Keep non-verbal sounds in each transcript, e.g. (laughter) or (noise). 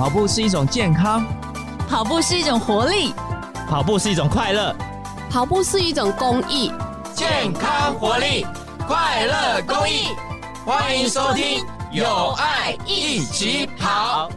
跑步是一種健康，跑步是一種活力，跑步是一種快樂，跑步是一種公益。健康、活力、快樂、公益，歡迎收聽《有愛一起跑》。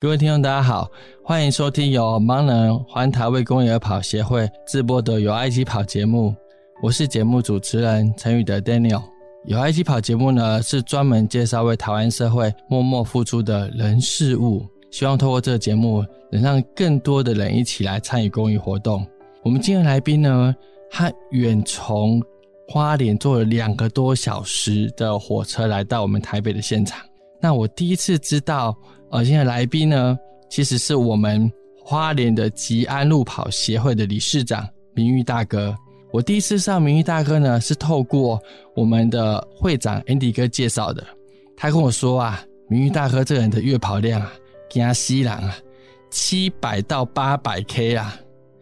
各位聽眾，大家好，歡迎收聽由盲人環台為公益而跑協會自播的《有愛一起跑》節目，我是節目主持人陳宇德 Daniel。有愛益起跑節目呢，是專門介紹為台灣社會默默付出的人事物，希望通過這個節目，能讓更多的人一起來參與公益活動。我們今天的來賓呢，他遠從花蓮坐了兩個多小時的火車來到我們台北的現場。那我第一次知道，呃、哦，今天的來賓呢，其實是我們花蓮的吉安路跑協會的理事長明裕大哥。我第一次上明裕大哥呢，是透過我們的會長 Andy 哥介紹的。他跟我說啊，明裕大哥這個人的月跑量啊，更加驚死人啊，七百到八百 K 啊。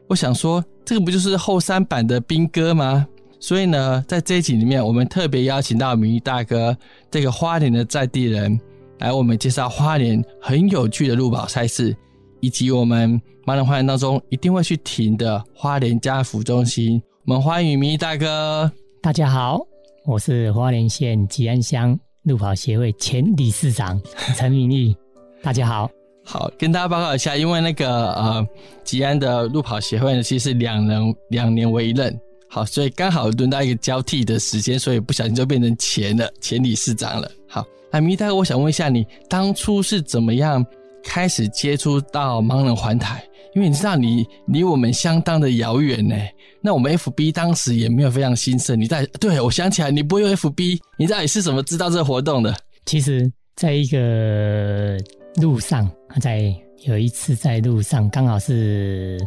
我想說，這個不就是後山版的兵哥嗎？所以呢，在這一集裡面，我們特別邀請到明裕大哥這個花蓮的在地人來為我們介紹花蓮很有趣的路跑賽事，以及我們馬拉松花蓮當中一定會去停的花蓮家扶中心。我們歡迎明裕大哥。大家好，我是花蓮縣吉安鄉路跑協會前理事長陳明裕。大家好好，跟大家報告一下，因為那個呃吉安的路跑協會呢，其實是兩人，兩年為一任，好，所以剛好輪到一個交替的時間，所以不小心就變成前的前理事長了。好，啊，明裕大哥，我想問一下你，你當初是怎麼樣開始接觸到盲人環台？因為你知道你，你離我們相當的遙遠呢。那我們 FB 當時也沒有非常興盛。你在對我想起來，你不用 FB，你到底是怎麼知道這個活動的？其實在一個路上，在有一次在路上，剛好是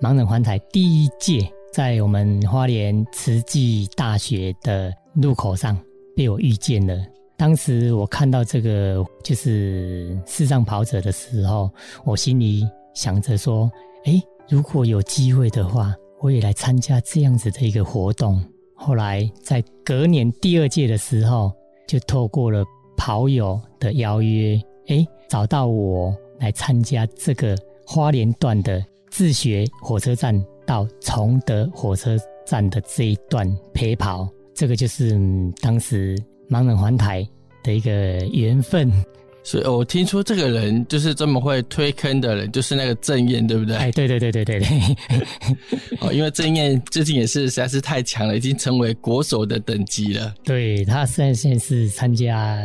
盲人環台第一屆，在我們花蓮慈濟大學的路口上被我遇見了。當時我看到這個就是世上跑者的時候，我心裡，想着說誒：“如果有機會的話，我也來參加這樣子的一個活動。”後來在隔年第二屆的時候，就透過了跑友的邀約，誒找到我來參加這個花蓮段的自學火車站到崇德火車站的這一段陪跑。這個就是、嗯、當時盲人環台的一個緣分。所以我、哦、聽說這個人就是這麼會推坑的人，就是那個政彥，對不對？哎，對對對對對對。 (laughs) 哦，因為政彥最近也是實在是太強了，已經成為國手的等級了。對，他現在是參加，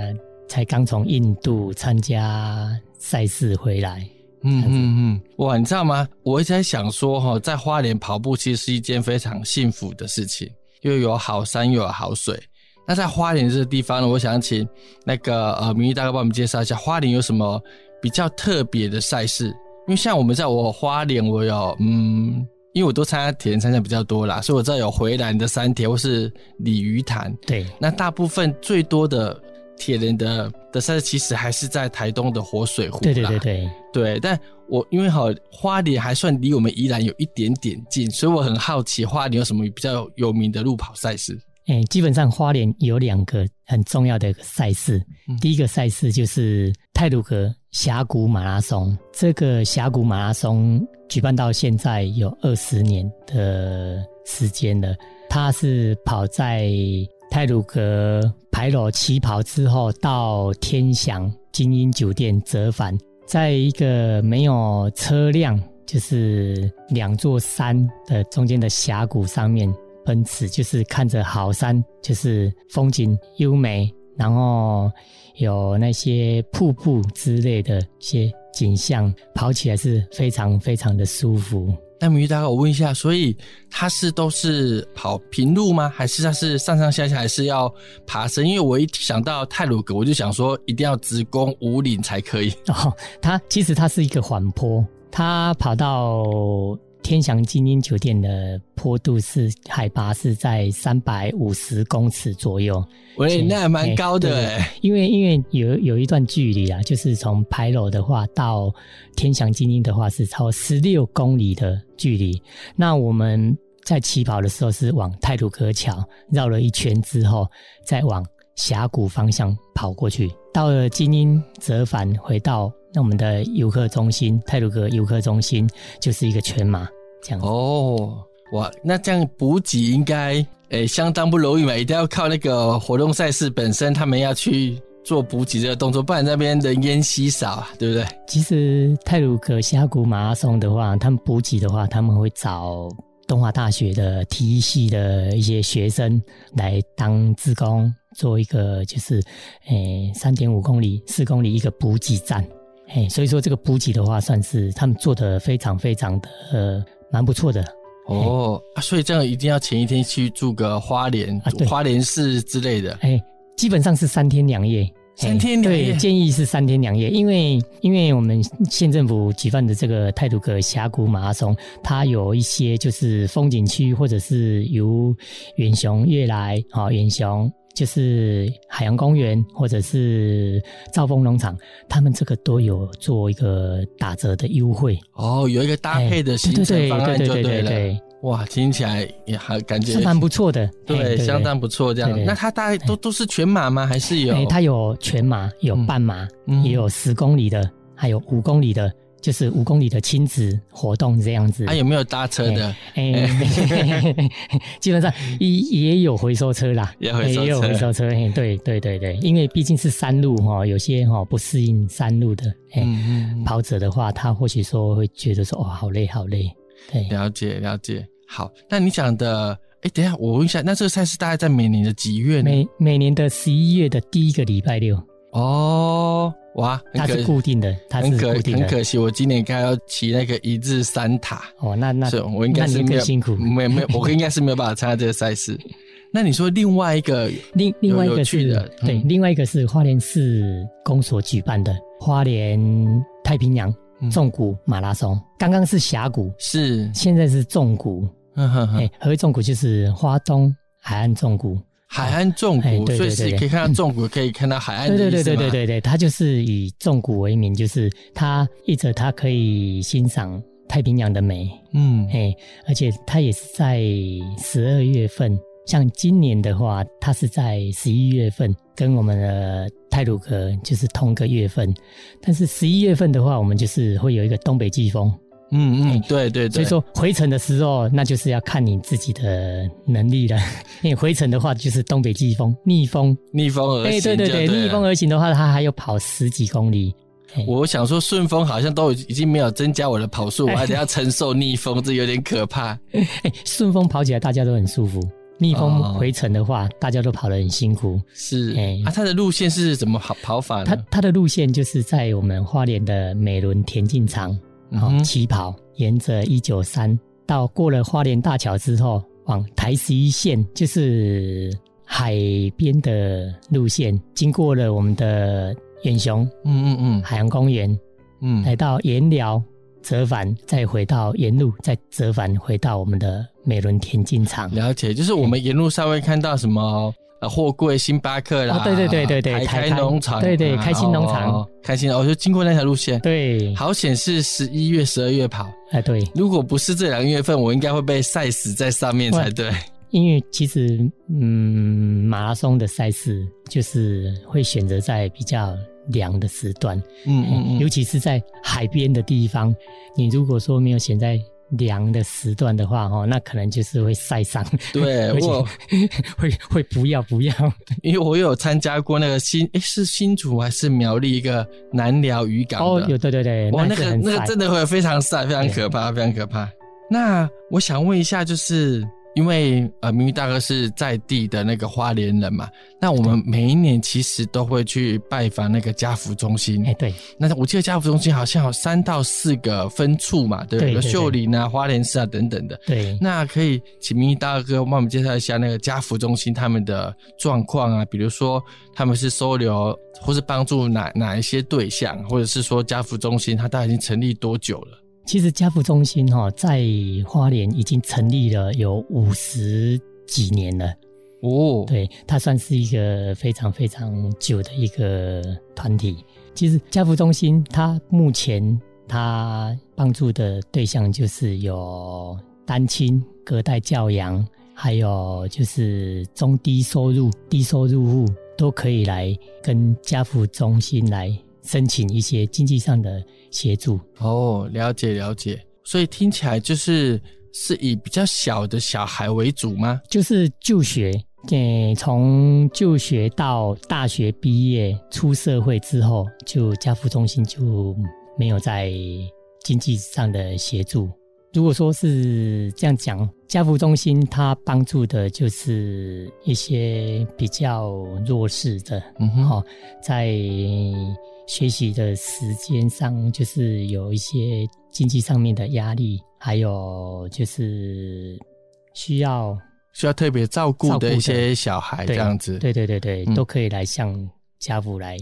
才剛從印度參加賽事回來。嗯嗯嗯，哇，你知道嗎？我一直在想說哈、哦，在花蓮跑步其實是一件非常幸福的事情，又有好山又有好水。那在花蓮這個地方呢，我想請那個呃明裕大哥幫我們介紹一下花蓮有什麼比較特別的賽事。因為像我們在我花蓮，我有嗯，因為我都參加鐵人三項比較多啦，所以我知道有洄瀾的三鐵或是鯉魚潭。對，那大部分最多的鐵人的的賽事其實還是在台東的活水湖。對對對對，對。但我因為哈花蓮還算離我們宜蘭有一點點近，所以我很好奇花蓮有什麼比較有名的路跑賽事。哎、欸，基本上花蓮有兩個很重要的一個賽事，嗯、第一個賽事就是泰魯閣峽谷馬拉松。這個峽谷馬拉松舉辦到現在有二十年的時間了，它是跑在泰魯閣牌樓起跑之後到天祥晶英酒店折返，在一個沒有車輛，就是兩座山的中間的峽谷上面。奔馳就是看着好山，就是風景優美，然後有那些瀑布之類的一些景象，跑起來是非常非常的舒服。那明裕大哥，我問一下，所以它是都是跑平路嗎？還是它是上上下下還是要爬山？因為我一想到太魯閣，我就想說一定要直攻武嶺才可以。哦，它其實它是一個緩坡，它跑到。天祥精英酒店的坡度是海拔是在三百五十公尺左右，喂，而且，那還蠻高的欸。因為因為有有一段距離啊，就是從牌樓的話到天祥精英的話是超過十六公里的距離。那我們在起跑的時候是往太魯閣橋繞了一圈之後，再往峽谷方向跑過去，到了精英折返回到。那我們的游客中心太魯閣游客中心就是一個全馬，這樣哦，哇，那這樣補給應該誒相當不容易嘛，一定要靠那個活動賽事本身他們要去做補給這個動作，不然那邊人煙稀少，對不對？其實太魯閣峽谷馬拉松的話，他們補給的話，他們會找東華大學的體育系的一些學生來當志工，做一個就是誒三點五公里、四公里一個補給站。哎，所以說這個補給的話，算是他們做的非常非常的呃，蠻不錯的哦嘿、啊。所以這樣一定要前一天去住個花蓮，啊、花蓮市之類的。哎，基本上是三天兩夜，三天兩夜對建議是三天兩夜，因為因為我們縣政府舉辦的這個太魯閣峽谷馬拉松，它有一些就是風景區，或者是由遠雄悅來啊，哦，遠雄。就是海洋公園或者是兆豐農場，他們這個都有做一個打折的優惠哦，有一個搭配的行程方案就對了。、欸、對對對，對，對，對，對哇，聽起來也還，感覺是蠻不錯的，對，欸、對對對相當不錯。這樣，對對對，那它大概都都是全馬嗎？還是有？欸、它有全馬，有半馬，嗯、也有十公里的，還有五公里的。就是五公里的親子活動這樣子，他、啊、有沒有搭車的？哎，基本上也也有回收車啦，也有回收車，欸、也有回收車。欸、對對對對，因為畢竟是山路哈，有些哈不適應山路的，欸、嗯嗯跑者的話，他或許說會覺得說哦，好累，好累。對，了解了解。好，那你講的，哎，欸，等一下我問一下，那這個賽事大概在每年的幾月呢？每每年的十一月的第一個禮拜六哦。哇，它是固定的，它是固定的。很可，很可惜，我今年應該要騎那個一日三塔。哦，那那是我應該是那更辛苦， (laughs) 沒沒有，我應該是沒有辦法參加這個賽事。那你說另外一個，另另外一個去的是，對，嗯、另外一個是花蓮市公所舉辦的花蓮太平洋縱谷馬拉松。剛剛是峽谷，是現在是縱谷。哎呵、欸，何為縱谷？就是花東海岸縱谷。海岸重谷，哎、對對對對，所以你可以看到重谷，可以看到海岸的，嗯。對對對對對對對，它就是以重谷為名，就是它一直它可以欣賞太平洋的美，嗯，哎，而且它也是在十二月份，像今年的話，它是在十一月份，跟我們的太魯閣就是同個月份，但是十一月份的話，我們就是會有一個東北季風。嗯嗯，欸、對對對，所以說回程的時候，那就是要看你自己的能力了。你、欸、回程的話，就是東北季風逆風逆風而行對、欸。對對對，逆風而行的話，它還要跑十幾公里。欸、我想說，順風好像都已經沒有增加我的跑速，我還得要承受逆風，欸、這有點可怕、欸。順風跑起來大家都很舒服，逆風回程的話，哦、大家都跑得很辛苦。是，欸、啊，它的路線是怎麼跑跑法呢？它它的路線就是在我們花蓮的美崙田徑場。啊，起跑，哦、沿着一九三，到過了花蓮大橋之後，往台11線就是海邊的路線，經過了我們的遠雄，嗯嗯嗯，海洋公園，嗯，來到鹽寮折返，再回到沿路，再折返回到我們的美崙田徑場。了解，就是我們沿路稍微看到什麼、哦。貨櫃、星巴克啦，對、哦、對對對對，海苔農場，對對開心農場，啊哦、開心，我、哦、就經過那條路線，對，好險是十一月、十二月跑，哎、呃、對，如果不是這兩個月份，我應該會被曬死在上面才對。因為其實，嗯，馬拉松的賽事就是會選擇在比較涼的時段，嗯嗯嗯，嗯嗯，尤其是在海邊的地方，你如果說沒有選在。涼的時段的話，哦，那可能就是會曬傷。對，我而且會會不要不要，因為我有參加過那個新，哎、欸、是新竹還是苗栗一個南寮漁港的，哦，有對對對，哇、哦，那，那個那個真的會非常曬，非常可怕，對非常可怕。那我想問一下，就是。因為呃，明裕大哥是在地的那個花蓮人嘛，那我們每一年其實都會去拜訪那個家扶中心。哎，對，那我記得家扶中心好像有三到四個分處嘛，對不對？比如秀林啊、花蓮市啊等等的。對，那可以請明裕大哥幫我、我們介紹一下那個家扶中心他們的狀況啊，比如說他們是收留或是幫助哪哪一些對象，或者是說家扶中心他大概已經成立多久了？其實家扶中心哈、哦，在花蓮已經成立了有五十幾年了，哦，對，它算是一個非常非常久的一個團體。其實家扶中心，它目前它幫助的對象就是有單親、隔代教養，還有就是中低收入、低收入戶都可以來跟家扶中心來。申請一些經濟上的協助哦，了解了解，所以聽起來就是是以比較小的小孩為主嗎？就是就學，你、嗯、從就學到大學畢業出社會之後，就家扶中心就沒有在經濟上的協助。如果說是這樣講，家扶中心他幫助的就是一些比較弱勢的，嗯哼，哈，在學習的時間上就是有一些經濟上面的壓力，還有就是需要需要特別照顧的一些小孩這樣子，對，對對對對，嗯、都可以來向家扶來。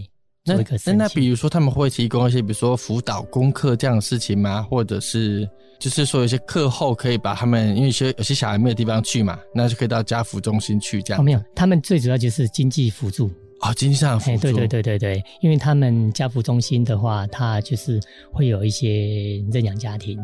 那，那那那，比如說他們會提供一些，比如說輔導功課這樣的事情嗎？或者是就是說，有些課後可以把他們，因為有些有些小孩沒有地方去嘛，那就可以到家扶中心去這樣、哦。沒有，他們最主要就是經濟輔助。哦，經濟上輔助。對、欸、對對對對，因為他們家扶中心的話，他就是會有一些認養家庭，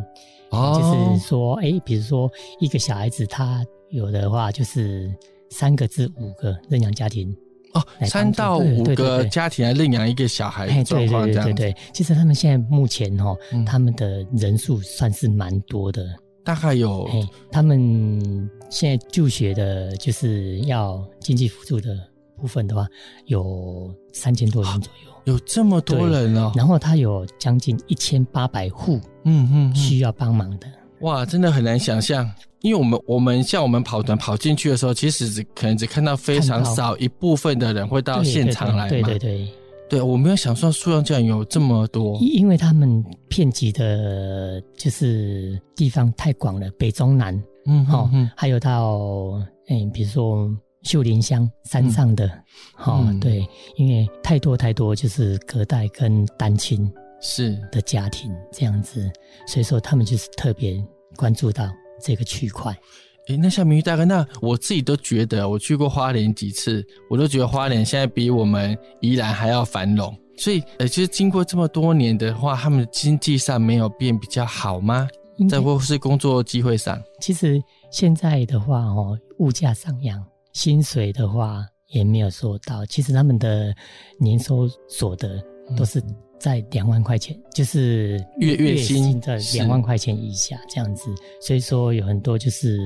哦、就是說，哎、欸，比如說一個小孩子，他有的話就是三個至五個認養家庭。哦，三到五個家庭來認養一個小孩狀況這樣，對對對對對。其實他們現在目前哈，他們的人數算是蠻多的、嗯，大概有他們現在就學的就是要經濟輔助的部分的話，有三千多人左右。啊，有這麼多人哦。然後他有將近一千八百戶，嗯嗯，需要幫忙的，哇，真的很難想象。因為我們我們像我們跑團跑進去的時候，其實只可能只看到非常少一部分的人會到現場來嘛對，對對對，對，對，對，對我沒有想說數量竟然有這麼多。因為他們遍及的，就是地方太廣了，北中南，嗯哼，好、哦，還有到嗯，比如說秀林鄉山上的，好、嗯哦，對，因為太多太多就是隔代跟單親是的家庭這樣子，是所以說他們就是特別關注到，這個區塊，誒那像明裕大哥，那我自己都覺得，我去過花蓮幾次，我都覺得花蓮現在比我們宜蘭還要繁榮。所以，呃，其實經過這麼多年的話，他們的經濟上沒有變比較好嗎？再或是工作機會上，其實現在的話，哦，物價上揚，薪水的話也沒有收到。其實他們的年收所得，都是在兩萬塊錢，就是月薪、月薪、月薪在兩萬塊錢以下這樣子，是所以說有很多就是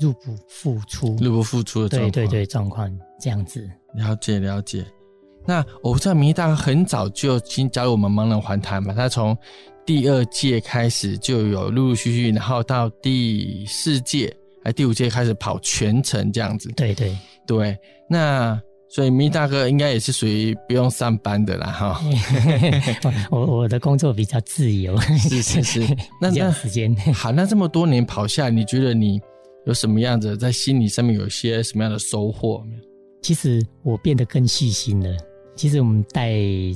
入不敷出、入不敷出的狀況，對對對狀況這樣子。了解了解。那我知道明裕大哥很早就先加入我們盲人環台嘛，他從第二屆開始就有陸陸續續，然後到第四屆、還第五屆開始跑全程這樣子。對對對。對那。所以明裕大哥應該也是屬於不用上班的啦哈。 (laughs) 我我的工作比較自由，是是是， (laughs) 有時間。好，那這麼多年跑下來，你覺得你有什麼樣子在心理上面有些什麼樣的收穫？其實我變得更細心了。其實我們帶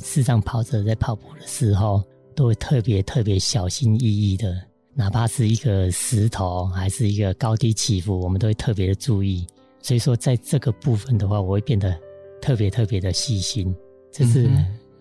視障跑者在跑步的時候，都會特別特別小心翼翼的，哪怕是一個石頭，還是一個高低起伏，我們都會特別的注意。所以說，在這個部分的話，我會變得特別特別的細心，這是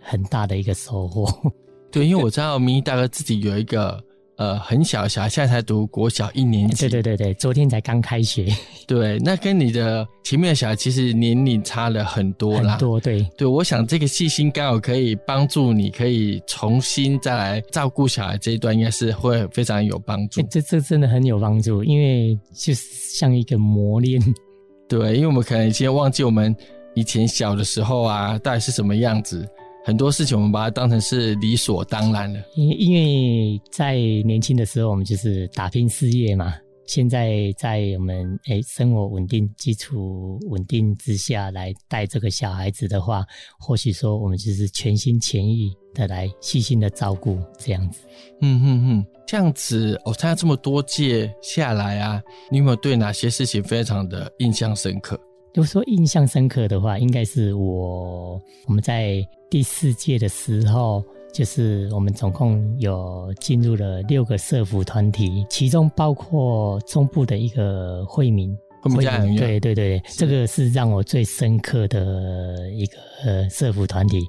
很大的一個收穫。嗯、對，因為我知道明裕大哥自己有一個呃很小的小孩，現在才讀國小一年級。對、哎、對對對，昨天才剛開學。對，那跟你的前面的小孩其實年齡差了很多啦。很多對對，我想這個細心剛好可以幫助你，可以重新再來照顧小孩這一段，應該是會非常有幫助。哎、這這真的很有幫助，因為就是像一個磨練。對，因為我們可能已經忘記我們以前小的時候啊，到底是什麼樣子，很多事情我們把它當成是理所當然了。因為在年輕的時候，我們就是打拼事業嘛。現在在我們誒生活穩定、基礎穩定之下來帶這個小孩子的話，或許說我們就是全心全意。的來細心的照顧，這樣子。嗯哼哼，這樣子。我、哦、參加這麼多屆下來啊，你有沒有對哪些事情非常的印象深刻？如果說印象深刻的話，應該是我我們在第四屆的時候，就是我們總共有進入了六個社福團體，其中包括中部的一個惠民。會很，對對對，對對對是這個是讓我最深刻的一個、呃、社福團體。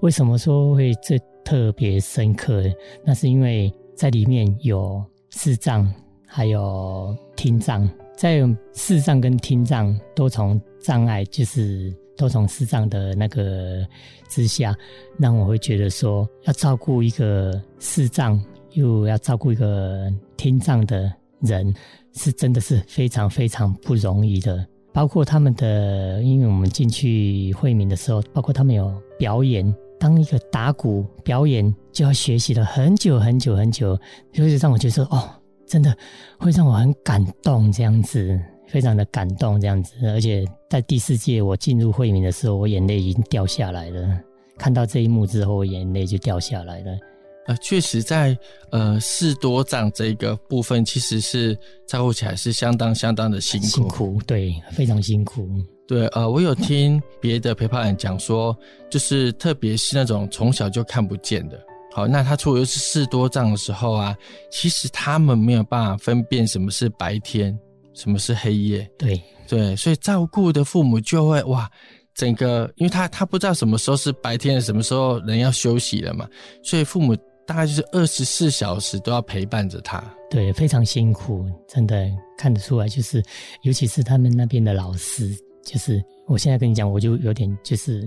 為什麼說會最特別深刻？那是因為在裡面有視障，還有聽障，在視障跟聽障多重障礙，就是多重視障的那個之下，讓我會覺得說，要照顧一個視障，又要照顧一個聽障的。人是真的是非常非常不容易的，包括他們的，因為我們進去惠民的時候，包括他們有表演，當一個打鼓表演，就要學習了很久很久很久，就是讓我覺得說哦，真的會讓我很感動這樣子，非常的感動這樣子，而且在第四屆我進入惠民的時候，我眼淚已經掉下來了，看到這一幕之後，我眼淚就掉下來了。呃，確實在，在呃視多障這個部分，其實是照顧起來是相當相當的辛苦，辛苦，對，非常辛苦，對。呃，我有聽別的陪伴人講說，就是特別是那種從小就看不見的，好，那他如果又是視多障的時候啊，其實他們沒有辦法分辨什麼是白天，什麼是黑夜，對，對，所以照顧的父母就會哇，整個因為他他不知道什麼時候是白天，什麼時候人要休息了嘛，所以父母。大概就是二十四小時都要陪伴着他，對，非常辛苦，真的看得出來。就是，尤其是他們那邊的老師，就是我現在跟你講，我就有點就是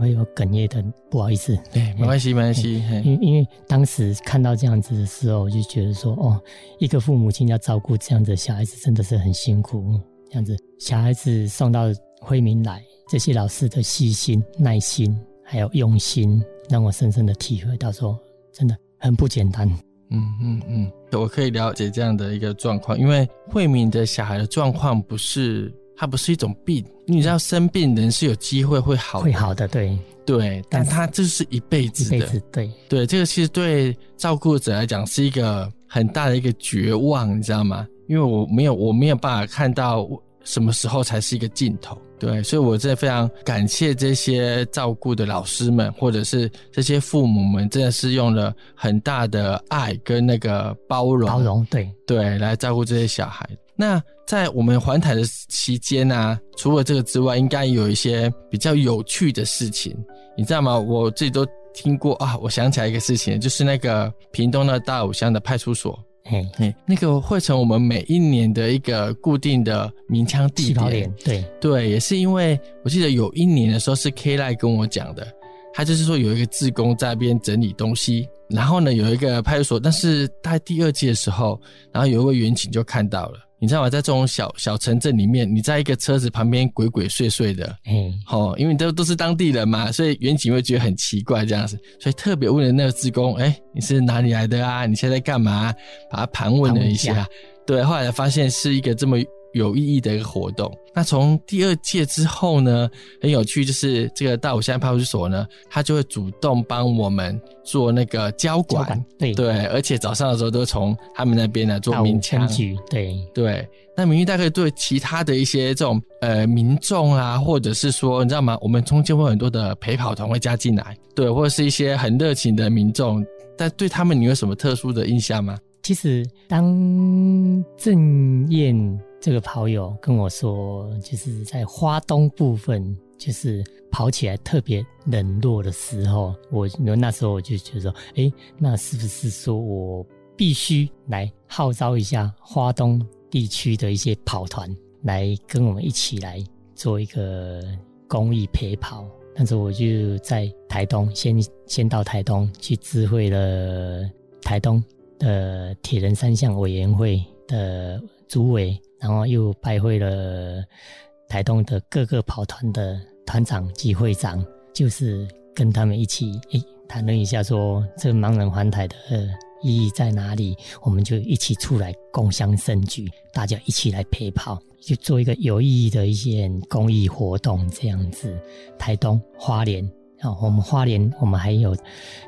會有哽咽的，不好意思。對，對沒關係，對沒關係。因因為，因為，因為當時看到這樣子的時候，我就覺得說，哦，一個父母親要照顧這樣子的小孩子，真的是很辛苦。這樣子，小孩子送到惠民來，這些老師的細心、耐心還有用心，讓我深深的體會到說。真的很不簡單。嗯嗯嗯，我可以了解這樣的一個狀況，因為慧敏的小孩的狀況不是，他不是一種病。你知道，生病人是有機會會好的，會好的，對對。但他是就是一輩子的，一輩子，對對。這個其實對照顧者來講是一個很大的一個絕望，你知道嗎？因為我沒有，我沒有辦法看到。什麼時候才是一個盡頭？對，所以，我真的非常感謝這些照顧的老師們，或者是這些父母們，真的是用了很大的愛跟那個包容，包容，對對，來照顧這些小孩。那在我們環台的期間呢，啊，除了這個之外，應該有一些比較有趣的事情，你知道嗎？我自己都聽過啊，我想起來一個事情，就是那個屏東的大武鄉的派出所。嘿，嘿，那個會成我們每一年的一個固定的鳴槍地點。對，對，也是因為我記得有一年的時候是 K l 賴跟我講的，他就是說有一個志工在那邊整理東西，然後呢，有一個派出所，但是他在第二季的時候，然後有一位員警就看到了。你知道嗎？在這種小小城鎮裡面，你在一個車子旁邊鬼鬼祟祟的，嗯，哦，因為都都是當地人嘛，所以員警會覺得很奇怪這樣子，所以特別問了那個志工，哎、欸，你是哪裡來的啊？你現在幹嘛、啊？把他盤問了一下，一下對，後來發現是一個這麼。有意義的一個活動。那從第二屆之後呢，很有趣，就是這個大武山派出所呢，他就會主動幫我們做那個交管，交對對，而且早上的時候都從他們那邊來做鳴槍，局對對。那鳴槍大概對其他的一些這種呃民眾啊，或者是說你知道嗎？我們中間會有很多的陪跑團會加進來，對，或者是一些很熱情的民眾。但對他們，你有什麼特殊的印象嗎？其實，當政彥這個跑友跟我說，就是在花東部分，就是跑起來特別冷落的時候，我那時候我就覺得說，哎，那是不是說我必須來號召一下花東地區的一些跑團，來跟我們一起來做一個公益陪跑？但是我就在台東，先先到台東去知會了台東。的鐵人三項委員會的組委，然後又拜會了台東的各個跑團的團長及會長，就是跟他們一起誒談論一下說，說這盲人環台的意義在哪裡？我們就一起出來共襄盛舉，大家一起來陪跑，就做一個有意義的一些公益活動，這樣子。台東花蓮。啊，我們花蓮，我們還有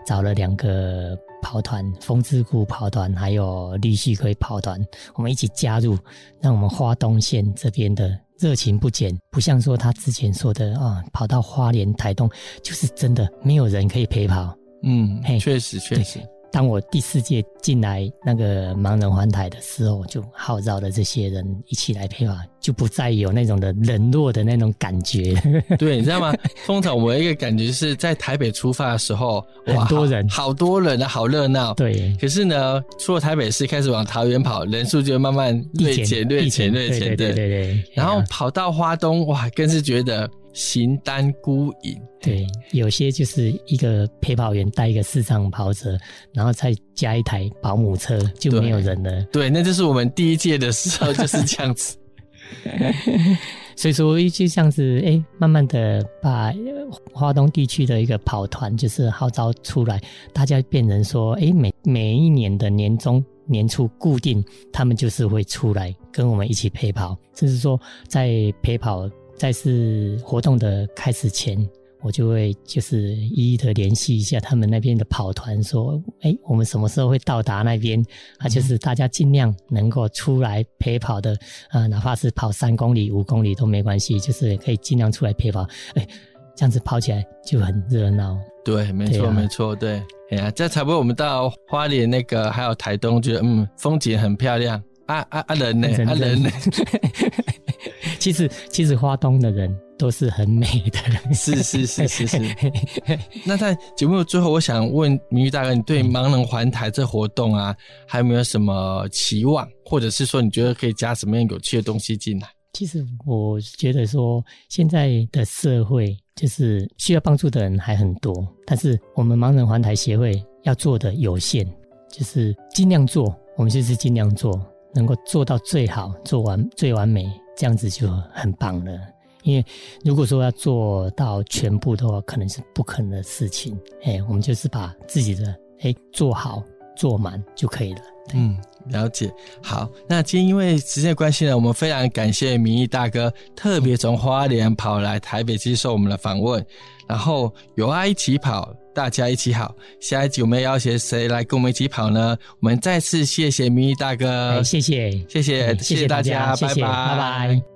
找了兩個跑團，風之谷跑團，還有綠溪龜跑團，我們一起加入，讓我們花東縣這邊的熱情不減，不像說他之前說的啊，跑到花蓮台東就是真的沒有人可以陪跑。嗯 hey, 確，確實確實。當我第四屆進來那個盲人環台的時候，我就號召了這些人一起來配合，就不再有那種的冷落的那種感覺。 (laughs) 對，你知道嗎？通常我有一個感覺是在台北出發的時候，哇，很多人。好，好多人啊，好熱鬧。對耶，可是呢，出了台北市開始往桃園跑，人數就慢慢銳減、銳減、銳減、銳減。對，對對對。對啊。然後跑到花東，哇，更是覺得。形單孤影，對，有些就是一個陪跑員帶一個視障跑者，然後再加一台保姆車，就沒有人了。對，對，那就是我們第一屆的時候 (laughs) 就是這樣子。 (laughs) (laughs) 所以說，就這樣子，欸，慢慢的把花東地區的一個跑團就是號召出來，大家變成說，哎，欸，每每一年的年終年初固定，他們就是會出來跟我們一起陪跑，甚至說在陪跑，在是活動的開始前，我就會就是一一的聯繫一下他們那邊的跑團，說，哎、欸，我們什麼時候會到達那邊？啊，就是大家盡量能夠出來陪跑的，啊、呃，哪怕是跑三公里、五公里都沒關係，就是可以盡量出來陪跑。哎、欸，這樣子跑起來就很熱鬧、啊。對，沒錯，沒錯，對，哎呀，這差不多。我們到花蓮那個，還有台東，覺得嗯，風景很漂亮。阿阿阿人呢？阿人呢？其實其實花東的人都是很美的人是。是是是是是。是是 (laughs) 那在節目最後，我想問明裕大哥，你對盲人環台這活動啊，嗯、還有沒有什麼期望？或者是說，你覺得可以加什麼樣有趣的東西進來？其實我覺得說，現在的社會就是需要幫助的人還很多，但是我們盲人環台協會要做的有限，就是盡量做，我們就是盡量做。能夠做到最好、做完最完美，這樣子就很棒了。因為如果說要做到全部的話，可能是不可能的事情。欸、我們就是把自己的、欸、做好、做滿就可以了。嗯，了解。好，那今天因為時間關係呢，我們非常感謝明裕大哥，特別從花蓮跑來台北接受我們的訪問。然後有愛益起跑，大家一起好。下一集我們要邀誰來跟我們一起跑呢？我們再次謝謝明裕大哥、哎，謝謝，謝謝、嗯，謝謝大家，謝謝拜拜謝謝，拜拜。